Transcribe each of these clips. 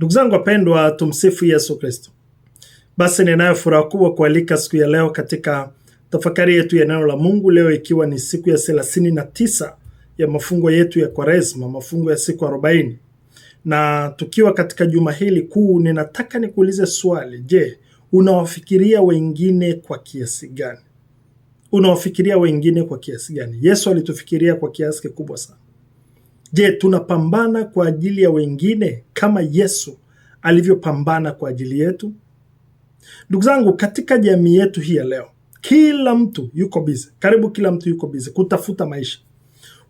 Ndugu zangu wapendwa, tumsifu Yesu Kristo. Basi ninayo furaha kubwa kualika siku ya leo katika tafakari yetu ya neno la Mungu, leo ikiwa ni siku ya thelathini na tisa ya mafungo yetu ya Kwaresma, mafungo ya siku arobaini. Na tukiwa katika juma hili kuu, ninataka nikuulize swali. Je, unawafikiria wengine kwa kiasi gani? Unawafikiria wengine kwa kiasi gani? Yesu alitufikiria kwa kiasi kikubwa sana. Je, tunapambana kwa ajili ya wengine kama Yesu alivyopambana kwa ajili yetu? Ndugu zangu, katika jamii yetu hii ya leo, kila mtu yuko bize, karibu kila mtu yuko bize kutafuta maisha.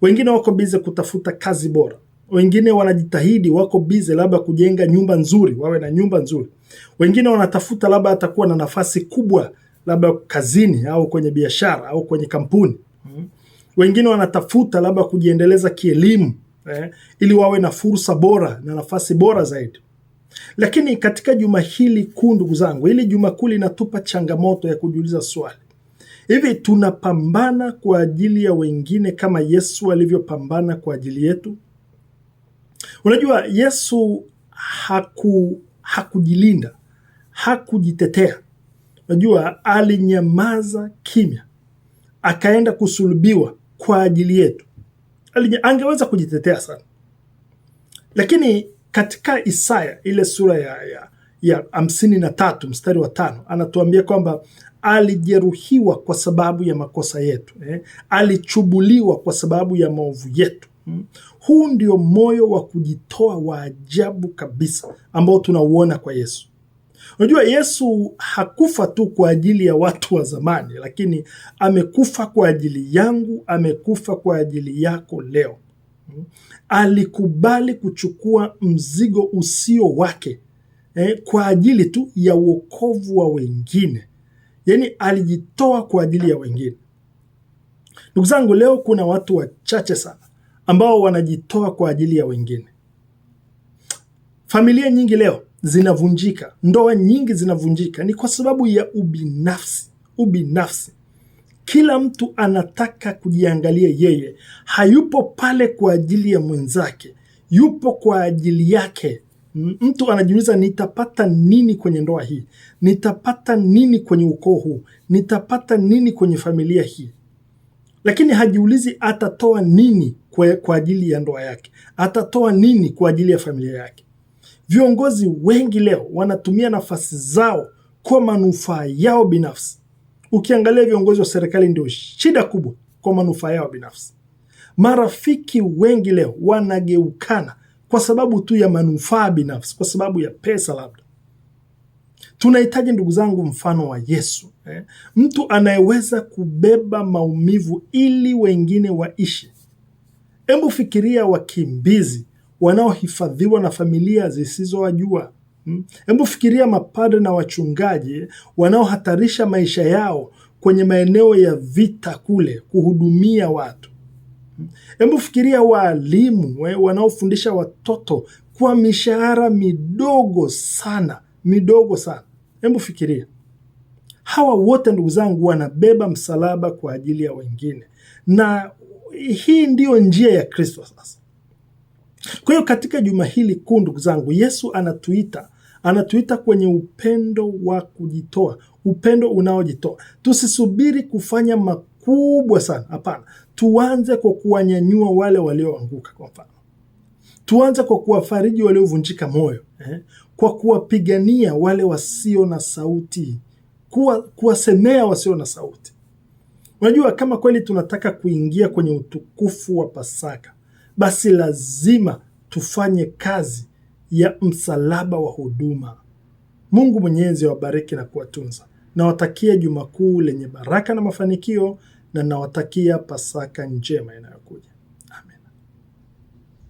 Wengine wako bize kutafuta kazi bora, wengine wanajitahidi, wako bize labda kujenga nyumba nzuri, wawe na nyumba nzuri. Wengine wanatafuta labda atakuwa na nafasi kubwa, labda kazini au kwenye biashara au kwenye kampuni. Mhm. Wengine wanatafuta labda kujiendeleza kielimu eh, ili wawe na fursa bora na nafasi bora zaidi. Lakini katika juma hili kuu, ndugu zangu, hili juma kuu linatupa changamoto ya kujiuliza swali hivi, tunapambana kwa ajili ya wengine kama Yesu alivyopambana kwa ajili yetu? Unajua, Yesu haku hakujilinda hakujitetea. Unajua, alinyamaza kimya, akaenda kusulubiwa kwa ajili yetu angeweza kujitetea sana, lakini katika Isaya ile sura ya, ya ya hamsini na tatu mstari wa tano anatuambia kwamba alijeruhiwa kwa sababu ya makosa yetu eh, alichubuliwa kwa sababu ya maovu yetu hmm. Huu ndio moyo wa kujitoa wa ajabu kabisa ambao tunauona kwa Yesu. Unajua Yesu hakufa tu kwa ajili ya watu wa zamani, lakini amekufa kwa ajili yangu, amekufa kwa ajili yako leo. Hmm? Alikubali kuchukua mzigo usio wake eh, kwa ajili tu ya wokovu wa wengine, yaani alijitoa kwa ajili ya wengine. Ndugu zangu, leo kuna watu wachache sana ambao wanajitoa kwa ajili ya wengine. Familia nyingi leo zinavunjika, ndoa nyingi zinavunjika ni kwa sababu ya ubinafsi. Ubinafsi, kila mtu anataka kujiangalia yeye, hayupo pale kwa ajili ya mwenzake, yupo kwa ajili yake. Mtu anajiuliza nitapata nini kwenye ndoa hii? Nitapata nini kwenye ukoo huu? Nitapata nini kwenye familia hii? Lakini hajiulizi atatoa nini kwa, kwa ajili ya ndoa yake, atatoa nini kwa ajili ya familia yake. Viongozi wengi leo wanatumia nafasi zao kwa manufaa yao binafsi. Ukiangalia viongozi wa serikali ndio shida kubwa kwa manufaa yao binafsi. Marafiki wengi leo wanageukana kwa sababu tu ya manufaa binafsi, kwa sababu ya pesa labda. Tunahitaji ndugu zangu, mfano wa Yesu eh, mtu anayeweza kubeba maumivu ili wengine waishi. Hebu fikiria wakimbizi wanaohifadhiwa na familia zisizowajua. Hmm? Hebu fikiria mapadre na wachungaji wanaohatarisha maisha yao kwenye maeneo ya vita kule kuhudumia watu. Hmm? Hebu fikiria waalimu wanaofundisha watoto kwa mishahara midogo sana, midogo sana. Hebu fikiria hawa wote, ndugu zangu, wanabeba msalaba kwa ajili ya wengine, na hii ndiyo njia ya Kristo sasa kwa hiyo katika juma hili kuu, ndugu zangu, Yesu anatuita anatuita kwenye upendo wa kujitoa, upendo unaojitoa. Tusisubiri kufanya makubwa sana, hapana. Tuanze kwa kuwanyanyua wale walioanguka, kwa mfano tuanze kwa kuwafariji waliovunjika moyo eh, kwa kuwapigania wale wasio na sauti, kuwa kuwasemea wasio na sauti. Unajua, kama kweli tunataka kuingia kwenye utukufu wa Pasaka, basi lazima tufanye kazi ya msalaba wa huduma. Mungu Mwenyezi awabariki na kuwatunza. Nawatakia Juma Kuu lenye baraka na mafanikio na nawatakia Pasaka njema inayo